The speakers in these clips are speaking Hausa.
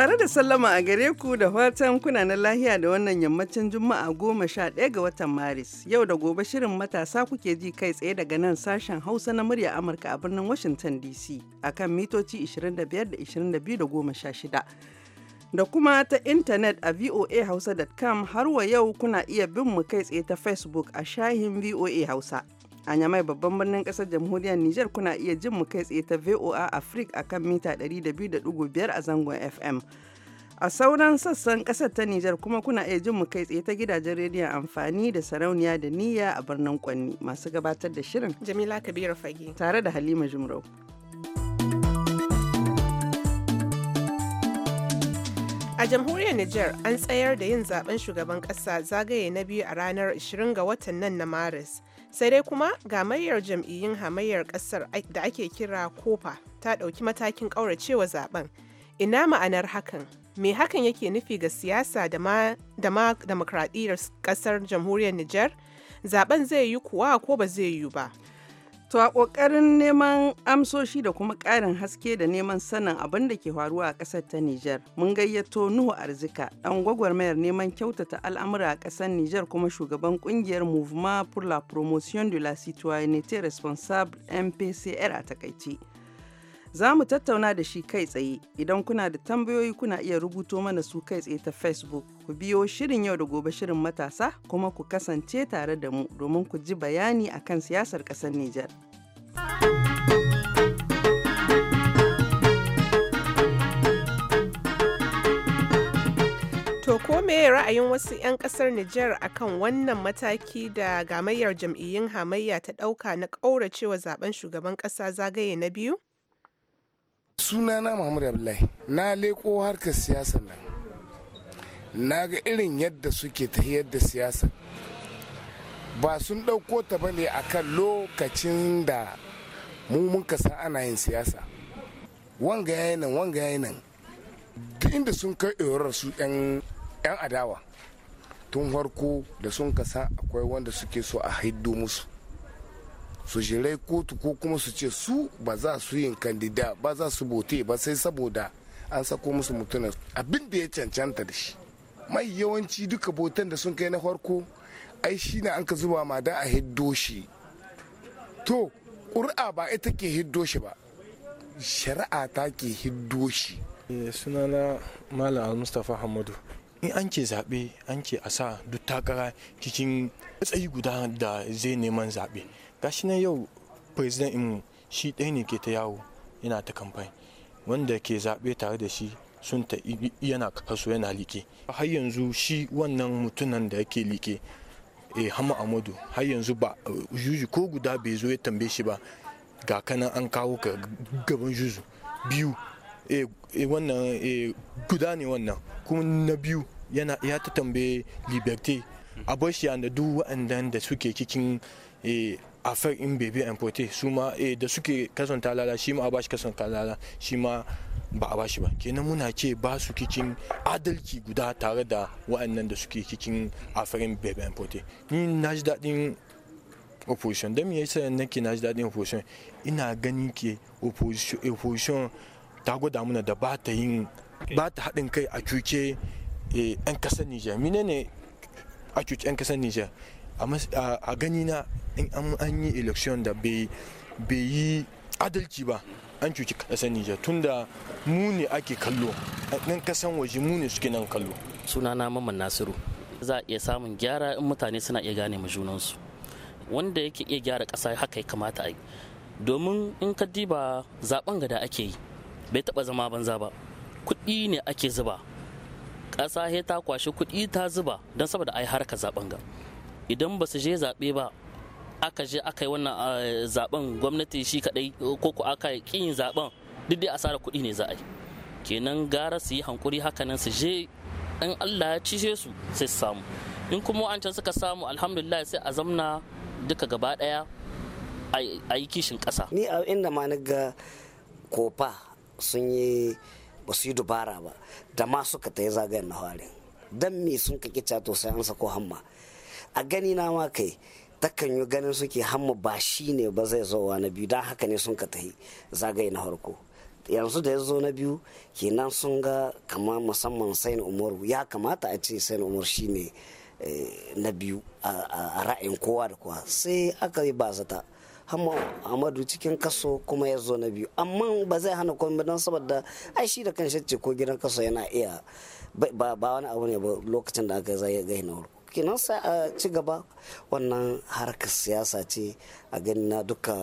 Tare da sallama a gare ku da fatan kuna na lahiya da wannan yammacin Juma'a goma sha ɗaya ga watan Maris. Yau da gobe shirin matasa kuke ji kai tsaye daga nan sashen Hausa na murya Amurka a birnin Washington DC akan mitoci 25 da 22 da sha shida. Da kuma ta intanet a voa voahausa.com har wa yau kuna iya bin mu kai tsaye ta Facebook a shahin VOA Hausa. A Nyamai babban birnin kasar jamhuriyar Nijar kuna iya jin mu kai tsaye ta VOA Africa akan mita biyar a zangon FM. A sauran sassan kasar ta Nijar kuma kuna iya jin mu kai tsaye ta gidajen rediyon amfani da sarauniya da niyya a birnin Kwanni masu gabatar da shirin. Jamila Kabiru Fage. Tare da Halima Jumrau. A jamhuriyar Nijar an tsayar da yin zaben shugaban ƙasa zagaye na biyu a ranar 20 ga watan nan na Maris. sai dai kuma gamayyar jam'iyyun hamayyar kasar da ake kira kofa ta ɗauki matakin ƙauracewa zaben ina ma'anar hakan me hakan yake nufi ga siyasa da ma demokradiyyar kasar jamhuriyar niger zaben zai yi kuwa ko ba zai yi ba To a ƙoƙarin neman amsoshi da kuma ƙarin haske da neman sanin abin da ke faruwa a ƙasar ta Nijar, mun gayyato Nuhu Arzika, ɗan gwagwarmayar neman kyautata al'amura a ƙasar Nijar kuma shugaban ƙungiyar Mouvement pour la Promotion de la Citoyenneté Responsable MPCR a takaice Za mu tattauna da shi kai tsaye, idan kuna da tambayoyi kuna iya rubuto mana su kai tsaye ta Facebook, ku biyo shirin yau da gobe shirin matasa kuma ku kasance tare da mu domin ku ji bayani akan siyasar ƙasar Nijar. To ko ra'ayin wasu 'yan kasar Nijar kan wannan mataki da gamayyar jam'iyyun hamayya ta ɗauka na ƙauracewa zaben shugaban ƙasa zagaye na biyu? sunana mahmud abdullahi na leko harkar siyasar nan na ga irin yadda suke ta yadda siyasa ba sun ɗauko ta ba ne a kan lokacin da mu muka san ana yin siyasa wanga yayi nan wanga yayi nan duk inda sun kai ɗorar su yan adawa tun farko da sun kasa akwai wanda suke so a haido musu su jirai kotu ko kuma su ce su ba za su yin kandida ba za su bote ba sai saboda an sako musu mutunan abin da ya cancanta da shi mai yawanci duka botan da sun kai na farko ai shi na an ka zuba ma da a hiddo shi to ƙuri'a ba ita ke hiddo shi ba shari'a ta ke hiddo shi eh, sunana malam al-mustapha hamadu in an ke zaɓe an ke a sa duk takara cikin tsayi guda da zai neman zaɓe gashi na yau president imu shi ɗaya ne ke ta yawo yana ta kamfani wanda ke zaɓe tare da shi sun ta yana kaso yana like har yanzu shi wannan mutunan da yake like e eh, hama amadu har yanzu ba eh, juju ko guda bai zo ya tambaye shi ba ga kanan an kawo ka gaban juju biyu eh, wannan guda ne wannan kuma na biyu yana ya ta tambaye liberté a bashi da duk waɗannan da suke cikin a far in bebe importe su ma eh, da suke ta talala shi ma a bashi kason talala shi ma ba a bashi ba kenan muna ce ba su kicin adalci guda tare da wa'annan da suke kicin a farin bebe importe ni na ji daɗin opposition don ya yasa nake na ji daɗin opposition ina ganin ke opposition ta gwada mana da ba ta yin ba ta haɗin kai a cuce eh, 'yan ƙasar nijar mine ne a cuce 'yan ƙasar nijar a gani na in an yi election da bai yi adalci ba an cuci kasar Nijar tunda mu ne ake kallo nan kasan waje mu ne suke nan kallo suna na mamman nasiru za a iya samun gyara in mutane suna iya gane junansu wanda yake iya gyara kasa haka ya kamata a yi domin in ka diba zaben gada ake yi bai taba zama banza ba kuɗi ne ake zuba ƙasa ta kwashe kuɗi ta zuba don saboda ai harka zaben ga idan ba su je zaɓe ba aka je aka yi wannan eh, zaben gwamnati shi kaɗai ko ko aka yi kin zaben duk dai asara kuɗi ne za a yi kenan gara su yi hankuri hakanan su je in Allah ya cije su sai su samu in kuma can suka samu alhamdulillah sai a zamna duka gaba ɗaya a yi kishin ƙasa ni a inda ma ga kofa sun yi ba su yi dubara ba da ma suka ta yi zagayen na harin dan me sun kaki cato sai an sako hamma a gani na ma kai takan yi ganin suke hamma ba shi ne ba zai zowa na biyu don haka ne sun ka tahi zagaye na harko yanzu da ya zo na biyu kenan sun ga kama musamman sain umaru ya kamata a ce sain umaru shi ne eh, na biyu a ra'ayin kowa da kowa sai aka yi bazata hamma amadu cikin kaso kuma ya zo na biyu amma ba zai hana komai don saboda ai shi da kan ce ko gidan kaso yana iya ba wani abu ne ba lokacin da aka zai gai na harko kenan sai a ci gaba wannan harkar siyasa ce a gani na duka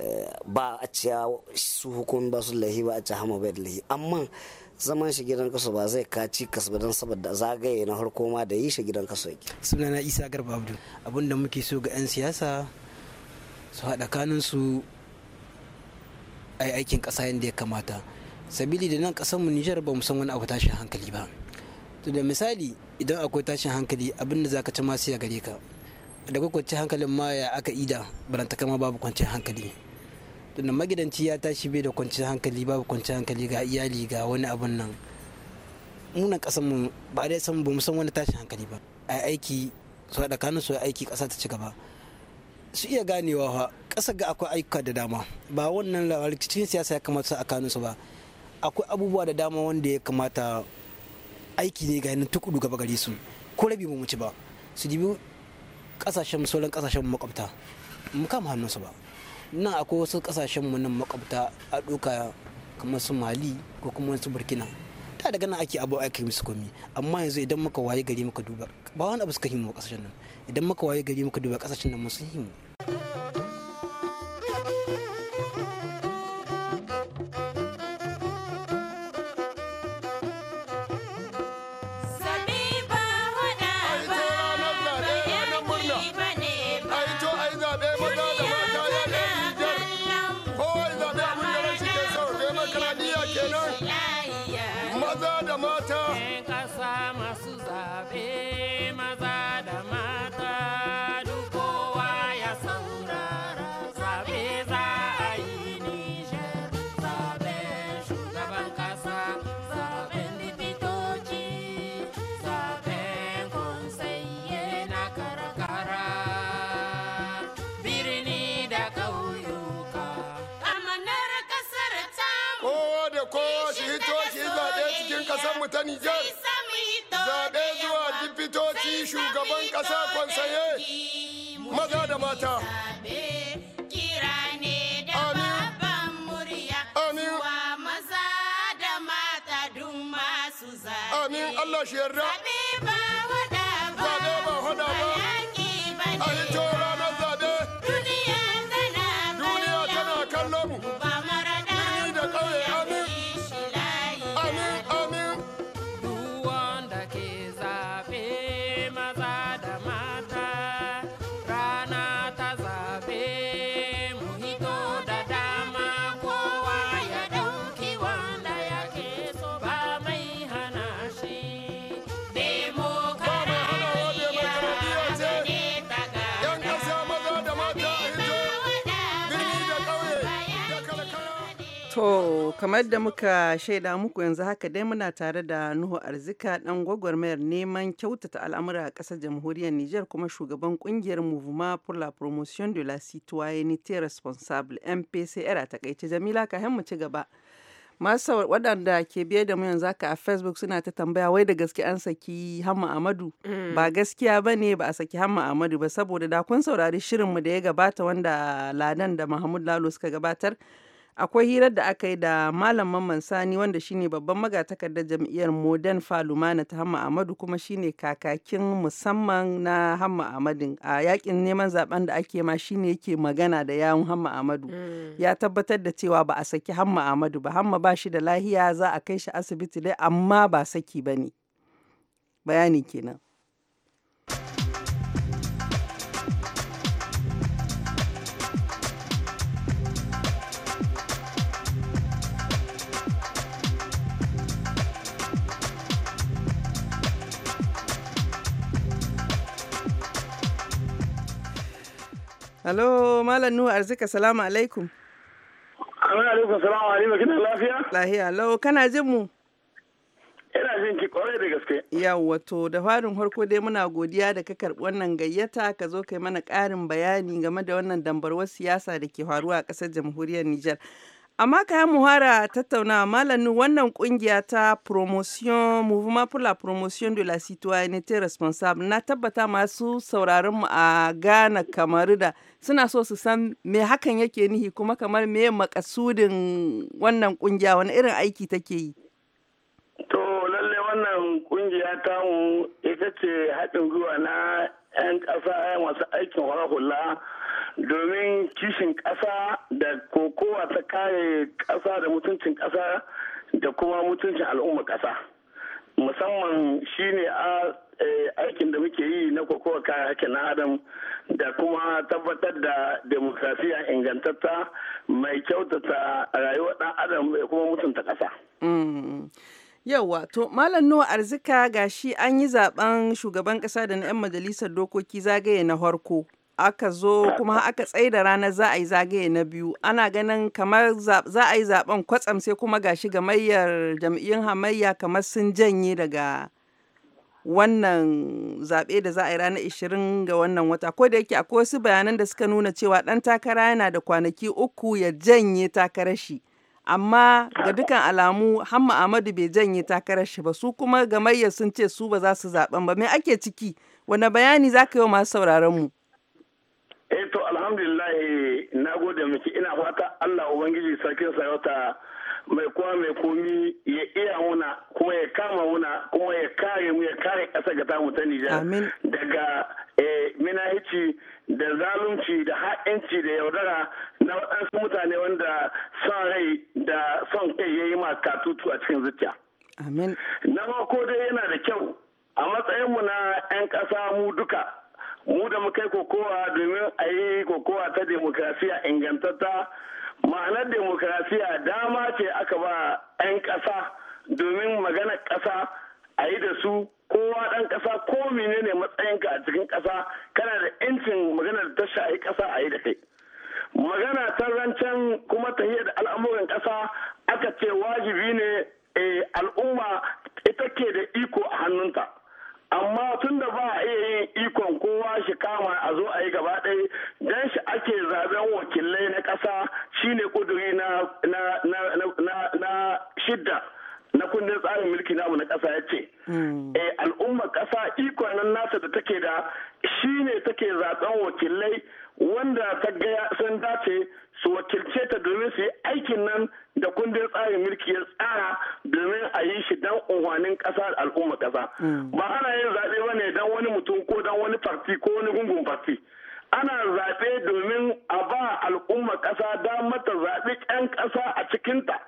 eh, ba a ciya su hukumi ba su lahi ba a ci hama bai lahi amma zaman shi gidan kaso ba zai kaci kasu don saboda zagaye na harko ma da yi shi gidan kaso yake na isa garba abdu abinda muke so ga 'yan siyasa su haɗa kanunsu su aikin ƙasa yadda ya kamata sabili da nan mu nijar ba mu san wani abu tashin hankali ba to da misali idan akwai tashin hankali abin da zaka ci ma sai gare ka da kwakwace hankalin ma ya aka ida baranta kama babu kwanciyar hankali tunda magidanci ya tashi bai da kwanciyar hankali babu kwanciyar hankali ga iyali ga wani abun nan munan kasan mu ba dai san ba mu san wani tashin hankali ba a aiki su da kanun su aiki ƙasa ta ci gaba su iya ganewa fa kasa ga akwai ayyuka da dama ba wannan cikin siyasa ya kamata su a kanun su ba akwai abubuwa da dama wanda ya kamata aiki ne ga tukudu gaba gare su ko rabi mu ci ba su dibi kasashen sauran kasashen makwabta mu kama hannunsu ba nan akwai wasu kasashen mu nan makwabta a doka kamar su mali ko kuma su burkina ta daga nan ake abu aiki musu komi amma yanzu idan muka waye gari muka duba ba wani abu suka himu kasashen nan idan muka waye gari muka duba kasashen nan musu himu ta Nijar. Zaɓe zuwa dipitoci shugaban ƙasa kwansaye maza da mata. Amin Allah shi yarda. Zaɓe ba wada ba. Zaɓe ba wada ba. A To, kamar da muka shaida muku yanzu haka dai muna tare da Nuhu Arzika dan gwagwarmayar neman kyautata al'amura a ƙasar jamhuriyar Nijar kuma shugaban kungiyar Mouvement pour la Promotion de la Citoyenneté Responsable MPCR a takaice Jamila ka mu ci gaba. Masa waɗanda ke biye da mu yanzu haka a Facebook suna ta tambaya wai da gaske an saki Hamma Amadu. Mm. Ba gaskiya ba ba a saki Hamma Amadu ba saboda da kun saurari shirinmu da ya gabata wanda Ladan da Mahmud Lalo suka gabatar. akwai hirar da aka yi da malam mamman sani wanda shine babban magatakardar jam'iyyar modern na ta hamma amadu kuma shine kakakin musamman na hamma amadin a yakin neman zaben da ake ma shine yake magana da yawun hamma amadu mm. ya tabbatar da cewa ba a saki hamma amadu ba hamma ba shi da lahiya za a kai shi asibiti dai amma ba saki ba ne bayani kenan Halo, Malam Nuhu Arzika, salamu alaikum. Assalamu alaikum, salamu alaikum, kina lafiya? Lahiya, halo, kana jin mu? Ina jin ki kwarai da gaske. Yawwa, to da farin harko dai muna godiya da ka karɓi wannan gayyata ka zo kai mana ƙarin bayani game da wannan dambarwar siyasa da ke faruwa a ƙasar jamhuriyar Nijar. amma ka muhara tattauna malamin wannan kungiya ta promotion mouvement pour la promotion de la citoyenneté responsable na tabbata masu sauraron mu a Ghana kamar da suna so su san me hakan yake nihi kuma kamar me makasudin wannan kungiya wani irin aiki take yi to lalle wannan kungiya ta mu ita ce haɗin gwiwa na 'yan ƙasa masu aikin hula domin kishin ƙasa da kokowa ta kare ƙasa da mutuncin ƙasa da kuma mutuncin al'umma ƙasa musamman shine a e, aikin da muke yi na kokowa kare hakkin na adam da kuma tabbatar da demokrasiya ingantatta mai kyautata rayuwar ɗan adam da kuma mutunta ƙasa. Mm. Yauwa, to Malam Nuwa Arzika gashi an yi zaben shugaban ƙasa da na 'yan majalisar dokoki zagaye na harko aka zo kuma aka tsaye da ranar za a yi zagaye na biyu ana ganin kamar za a yi zaben kwatsam sai kuma ga gashi gamayyar jam'iyyun hamayya kamar sun janye daga wannan zaɓe da za a yi ranar 20 ga wannan wata ko da yake akwai wasu bayanan da suka nuna cewa ɗan takara yana da kwanaki uku ya janye takarar shi amma ga dukan alamu hamma amadu bai janye takarar shi ba su kuma gamayya sun ce su ba za su zaɓen ba me ake ciki wani bayani za ka yi wa masu sauraron mu Eto eh, to alhamdulillah na gode miki ina fata Allah ubangiji sarkin Sayota mai kuwa mai komi ya iya muna kuma ya kama muna kuma ya kare mu ya kare ƙasa ga tamu ta Nijar daga eh, minahici da zalunci da ha'inci da yaudara na waɗansu mutane wanda son rai da son kai ya yi ma katutu a cikin zuciya. Amin. Na ko dai yana da kyau a matsayinmu na 'yan ƙasa mu duka mu da mu kai kokowa domin a yi kokowa ta demokrasiya ingantatta ma'anar demokrasiya dama ce aka ba 'yan ƙasa domin magana ƙasa a yi da su kowa ɗan ƙasa ko menene matsayinka a cikin ƙasa kana da 'yancin maganar ta yi ƙasa a yi da kai magana ta rancen kuma ta da al'amuran ƙasa aka ce wajibi ne eh, al'umma ita ke da iko a hannunta amma tun da ba a iya yin ikon kowa shi kama a zo a yi gaba ɗaya don shi ake zaben wakilai na ƙasa shine ƙuduri na shidda na kundin tsarin mulki namu na ƙasa ya ce hmm. eh, al'ummar ƙasa ikon nan nasa da take da shine take zaben wakilai wanda ta gaya sun dace su wakilce ta domin su yi aikin nan da kundin tsarin mulki ya tsara unhwanin ƙasa da al'umma kasa mm. ba ana yin zaɓe ba ne dan wani mutum ko dan wani farti ko wani gungun farti ana zaɓe domin a ba al'umma ƙasa damar ta zaɓi 'yan ƙasa a cikinta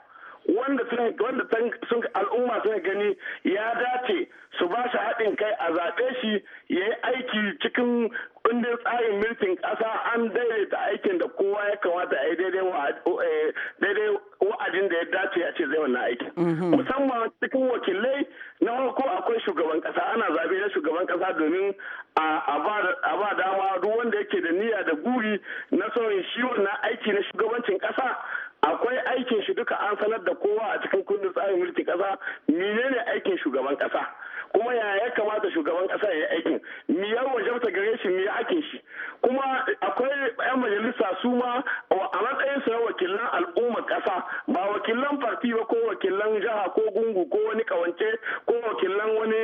wanda sun wanda sun al'umma sun gani ya dace su ba shi haɗin kai a zaɓe shi ya yi aiki cikin kundin tsarin mulkin ƙasa an daidaita aikin da kowa ya kamata a yi daidai eh, wa'adin da ya dace a ce zai wannan aikin. Mhm. Musamman cikin wakilai na farko akwai shugaban ƙasa ana zaɓe na shugaban ƙasa domin a ba dama duk wanda yake da niyya da guri na sauyin shi wannan aiki na shugabancin ƙasa akwai aikin shi duka an sanar da kowa a cikin kundin tsarin mulki kasa menene aikin shugaban kasa kuma ya ya kamata shugaban kasa ya yi aikin mi ya wajabta gare shi mi ya ake shi kuma akwai yan majalisa su ma a matsayin su wakilan al'ummar kasa ba wakilan farti ba ko wakilan jiha ko gungu ko wani kawance ko wakilan wani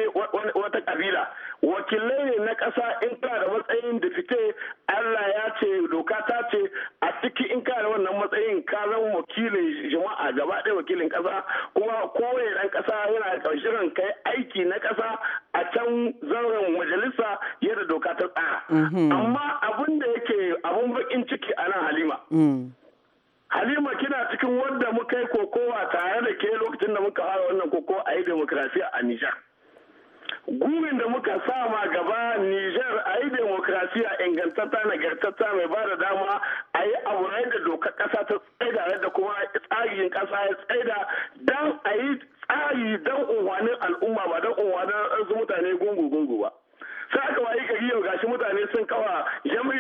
wata kabila wakilai ne na kasa in kana da matsayin da fite Allah ya ce doka ta ce a ciki in kana da wannan matsayin ka zama wakilin jama'a gaba ɗaya wakilin kasa kuma kowane ɗan kasa yana ƙarshen kai aiki na kasa a can zauren majalisa yadda doka ta tsara mhm. amma abin da yake abun bakin ciki a nan halima mm. Halima kina cikin wanda muka yi kokowa tare da ke lokacin da muka fara wannan kokowa a yi demokrasiya a Nijar. gurin da muka sama gaba Nijar a yi demokrasiya ingantatta nagartatta mai ba da dama a yi aure da dokar kasa ta tsaida da kuma tsarin kasa ya tsaida don a yi tsari don unwanin al'umma ba don unwanin mutane gungu-gungu ba. sai aka wayi gari yau gashi mutane sun kawa jam'i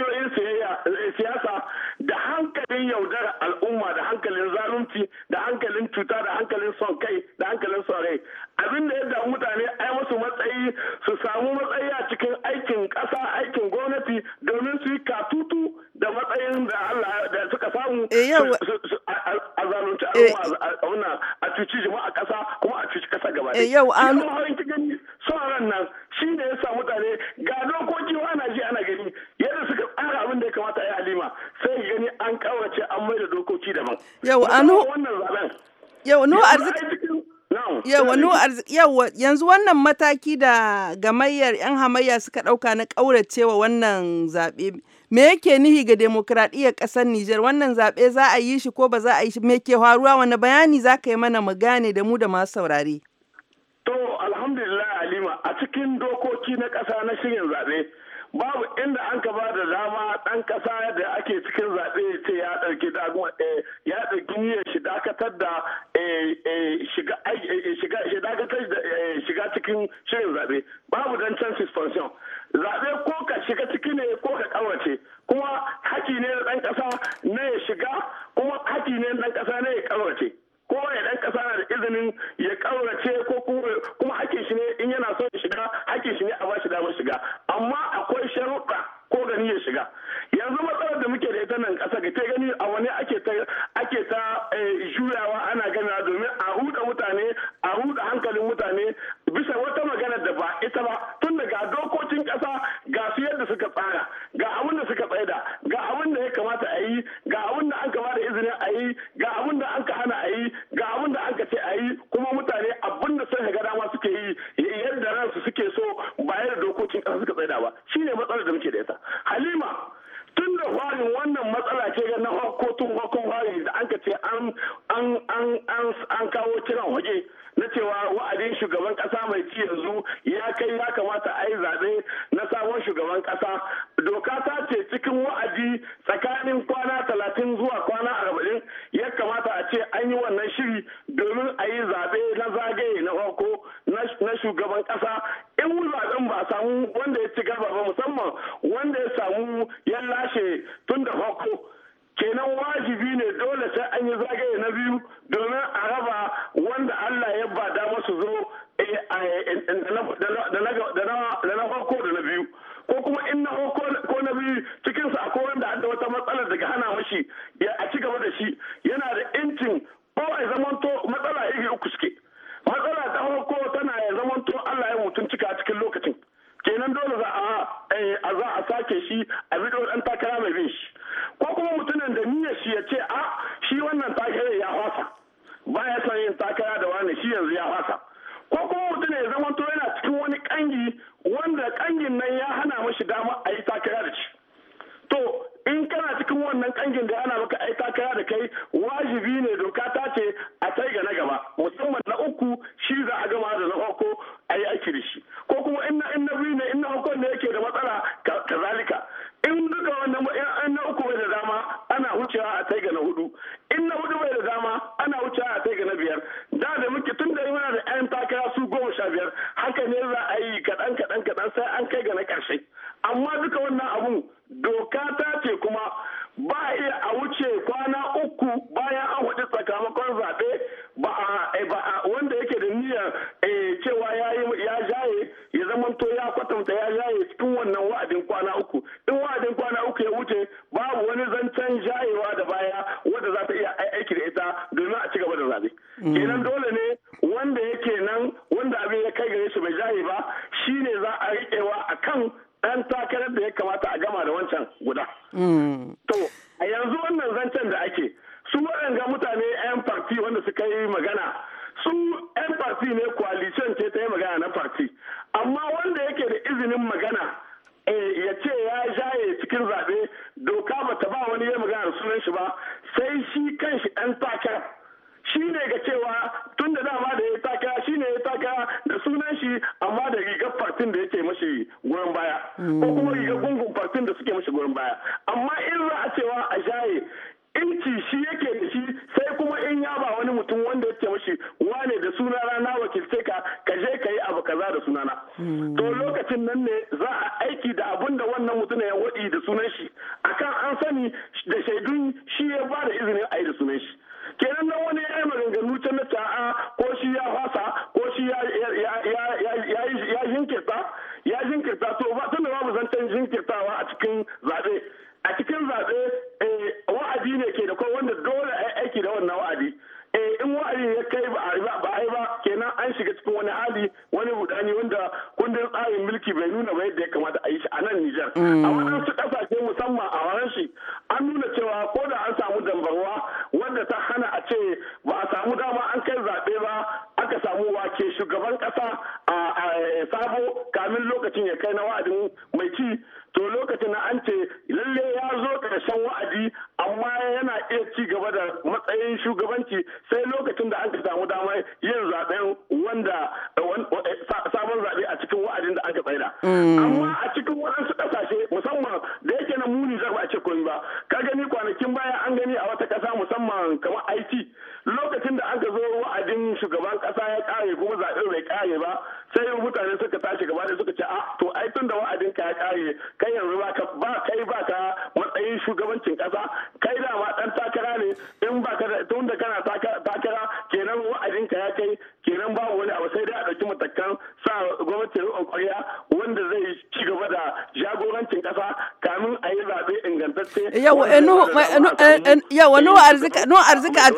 yau um, an sauran nan shi ne ya sa mutane ga dokoki ana ji ana gani yadda suka tsara abin da ya kamata ya halima sai gani an kawace an mai da dokoki daban yau anu yau no arziki Yawa yanzu wannan mataki da gamayyar 'yan hamayya suka ɗauka na ƙauracewa wannan zaɓe me yake nihi ga demokradiyyar ƙasar Nijar wannan zaɓe za a yi shi ko ba za a yi shi me ke faruwa wani bayani za ka yi mana mu gane da mu da masu saurare. a cikin dokoki na ƙasa na shirin zaɓe babu inda an ka ba da dama ɗan ƙasa da ake cikin zaɓe ce ya ɗauki eh, ya ɗauki niyyar shi dakatar da shiga cikin shirin zaɓe babu don can suspension zaɓe ko ka shiga ciki ne ko ka ƙawace kuma haƙi ne na ɗan ƙasa na ya shiga kuma haƙi ne na ɗan ƙasa na ya ƙawace. kowane dan kasa na da izinin ya ƙaurace ko kuma hakin shi ne in yana son shiga hakin shi ne a bashi damar shiga amma akwai sharuɗa ko gani ya shiga yanzu matsalar da muke da ita nan ƙasa ga ta gani a wani ake ta ake eh, juyawa ana gana domin a huda mutane a huda hankalin mutane bisa wata magana da ba ita ba tun da ga dokokin ƙasa ga su yadda suka tsara ga abin da suka tsaida ga abin da ya kamata a yi ga abin da an da izinin a yi ga abin da an ka hana a yi ga abin da an ka ce a yi kuma yana da incin ko a zamanto matsala iri uku suke matsala ta farko tana ya zamanto Allah ya mutum cika cikin lokacin kenan dole za a eh, za a sake shi ce kuma suke mashi goron baya ko mm. kuma riga gungun fartin da suke mashi goron baya amma in za a cewa a shaye inci shi yake da shi sai kuma in ya ba wani mutum wanda yake mashi wane da suna rana wakilce ka ka je ka yi abu kaza da sunana mm. to lokacin nan ne za a aiki da abun da wannan mutum ya wadi da sunan shi akan an sani da shaidun shi ya ba da izinin a yi da sunan shi aiki bai nuna ba yadda ya kamata a yi shi a nan Nijar. Mm. A waɗansu kasashe musamman a waran shi an nuna cewa ko da an samu dambarwa wanda ta hana a ce ba a samu dama an kai zaɓe ba aka samu wake shugaban ƙasa a eh, sabo kamin lokacin ya kai na wa'adin mai ci to lokacin na an ce lalle ya zo ƙarshen wa'adi amma yana iya ci gaba da matsayin shugabanci sai lokacin da an Eh, eh, eh, yawa nuhu arzika nuhu arzika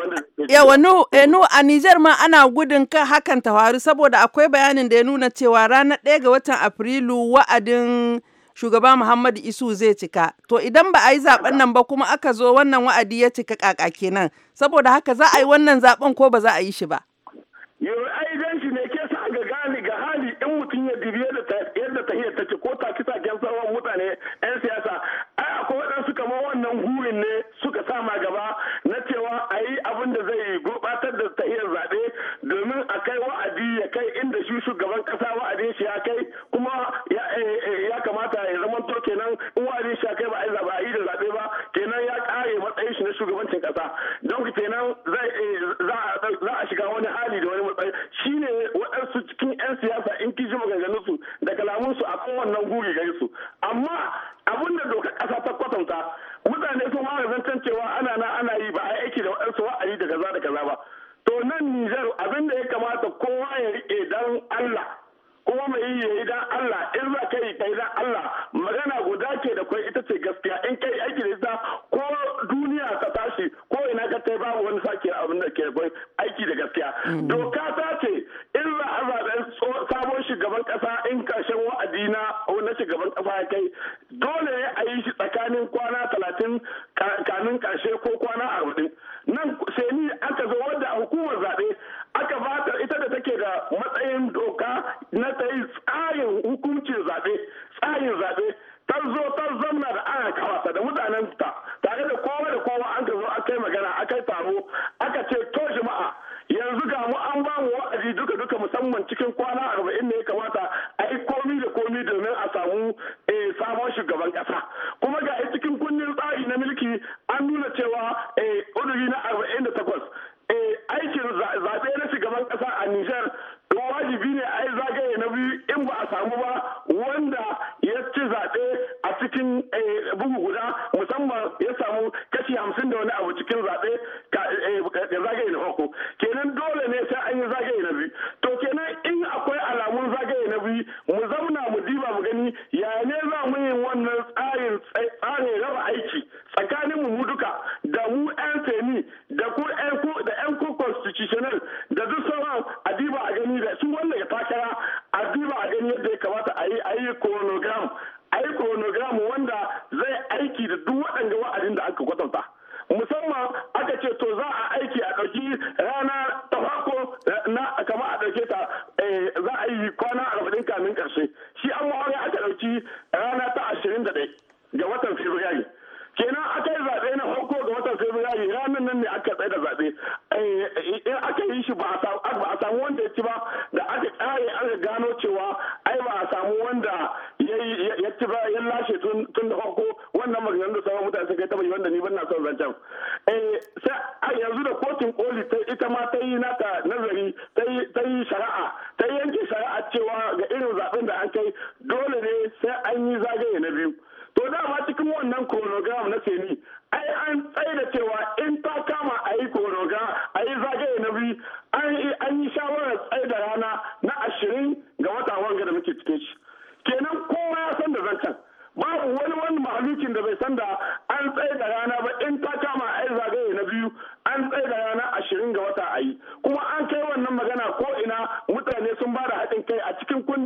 yawa nuhu a Nijar ma ana gudun kan hakan ta faru saboda akwai bayanin da ya nuna cewa ranar ɗaya ga watan Afrilu wa'adin shugaba Muhammadu Isu zai cika. To idan ba a yi zaben nan ba kuma aka zo wannan wa'adi ya cika kaka kenan. Saboda haka za a yi wannan zaben ko ba za a yi shi ba. Yau ai shi ne ke sa ga gani ga hali in mutum ya dibi yadda tahiyar take ko ta kisa gyan mutane 'yan siyasa kawai kenan eh, za a shiga wani hali da wani matsayi shine waɗansu cikin 'yan siyasa in kiji maganganun su da kalamun su akan wannan guri gare su amma abin da dokar ƙasa ta kwatanta mutane sun fara zancen cewa ana na ana yi ba a aiki da waɗansu wa'ayi da kaza da kaza ba to nan Nijar abin da ya kamata kowa ya riƙe dan Allah kuma mai yi yayi dan Allah aiki da gaskiya mm. doka ta ce in za a zaɓen sabon shugaban ƙasa in karshen wa'adi na na shugaban kasa ya kai domin a samu eh, sabon shugaban kasa kuma ga cikin kunnin tsari na mulki an nuna cewa eh, ƙuduri na 48 eh, aikin zaɓe na shugaban ƙasa a Nijar ɗauke ta eh, za a yi kwana arba'in kamin ƙarshe shi an ma'aure aka ɗauki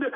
and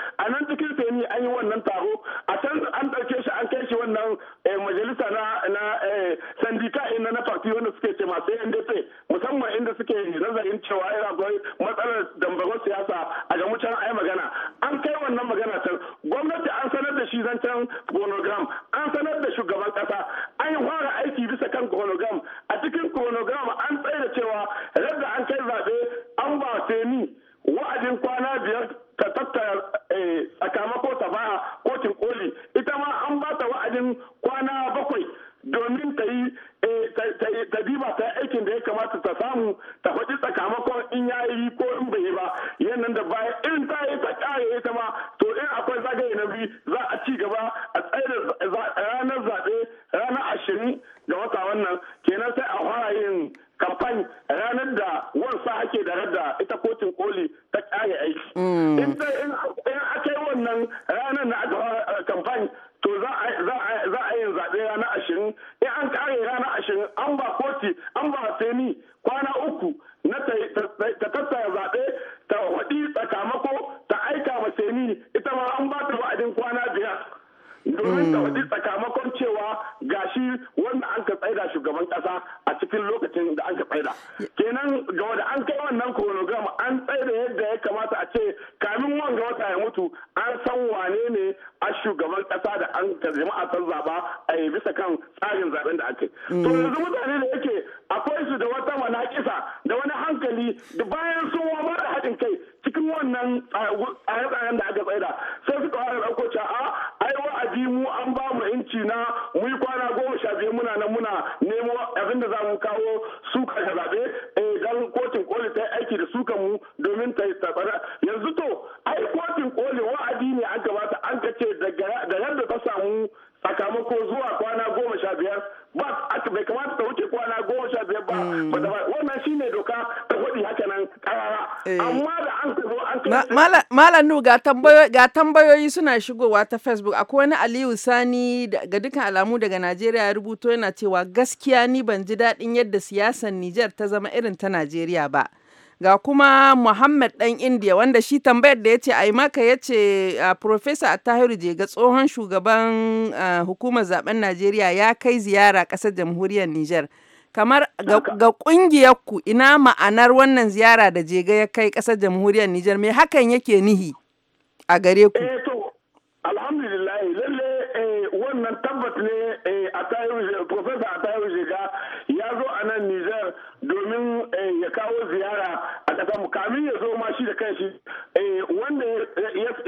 ashirin ga wata wannan mulki na mu kwana goma sha biyu muna nan muna nemo abinda za mu kawo suka da zaɓe eh, don kotun koli ta aiki da sukan mu domin ta yi yanzu to Malam Nu ga tambayoyi suna shigowa ta Facebook akwai wani Aliyu Sani ga dukkan alamu daga Najeriya ya rubuto yana cewa gaskiya ni ban ji daɗin yadda siyasar Nijar ta zama irin ta Najeriya ba. Ga kuma Muhammad ɗan India wanda shi tambayar da ya ce ai maka ya ce Profesa Attahiru je ga tsohon shugaban hukumar zaben Najeriya ya kai ziyara ƙasar jamhuriyar Nijar. kamar ga kungiyarku ina ma'anar wannan ziyara da jega ya kai kasar jamhuriyar Nijar me hakan yake nihi a gare ku eh to alhamdulillah lalle eh, wannan tabbat ne eh, a tayo professor a jega ya zo a nan Nijar domin eh, ya kawo ziyara a ƙasar mu kamin ya zo ma shi da kanshi wanda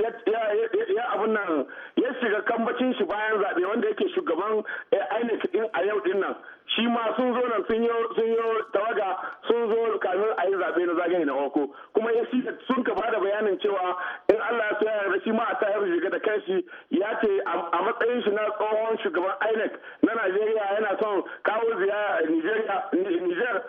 ya abun nan ya shiga kambacin shi bayan zaɓe wanda yake shugaban INEC din a yau din nan shi ma sun zo nan sun yi sun yi tawaga sun zo kamin a yi zaɓe na zagaye na hoko kuma ya sun ka bada bayanin cewa in Allah ya tsaya da shi ma a tayar riga da kanshi ya ce a matsayin shi na tsohon shugaban INEC na Najeriya yana son kawo ziyara a Niger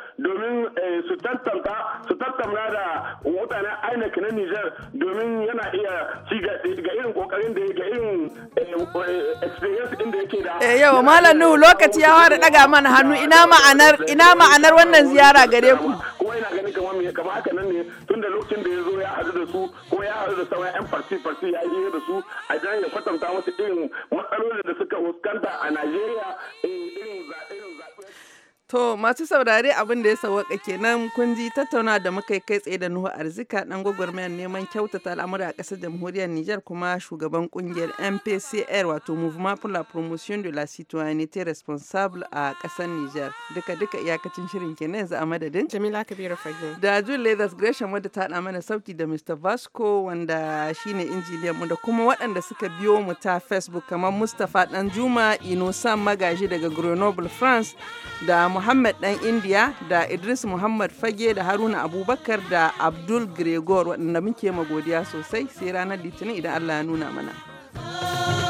domin eh, su tantanta su tattauna da mutanen INEC na Niger domin yana iya ci ga irin kokarin da ga irin eh, eh, experience din da yake da eh yawa malam nu lokaci ya fara daga mana hannu ina ma'anar ina ma'anar wannan ziyara gare ku kuma ina gani kamar me kamar haka nan ne tunda lokacin da ya zo ya haɗu da su ko ya haɗu da sauran yan farti farti ya yi da su a jan ya kwatanta musu irin matsalolin da suka wuskanta a Najeriya irin zaɓe To masu saurare abin da ya sawaka kenan kun ji tattauna da muka kai tsaye da Nuhu Arzika dan gwagwarmayar neman kyautata al'amura a ƙasar jamhuriyar Nijar kuma shugaban kungiyar MPCR wato Mouvement pour la Promotion de la Citoyenneté Responsable a ƙasar Nijar. Duka duka iyakacin shirin kenan yanzu a madadin. Jamila Kabiru Fage. Da Jun Leathers Gresham wadda ta haɗa mana sauti da Mr. Vasco wanda shine injiniyan mu da kuma waɗanda suka biyo mu ta Facebook kamar Mustapha Danjuma, Inosan Magaji daga Grenoble, France da Muhammad dan India da Idris Muhammad Fage da Haruna Abubakar da Abdul Gregor waɗanda muke magodiya sosai sai ranar Litinin idan Allah ya nuna mana.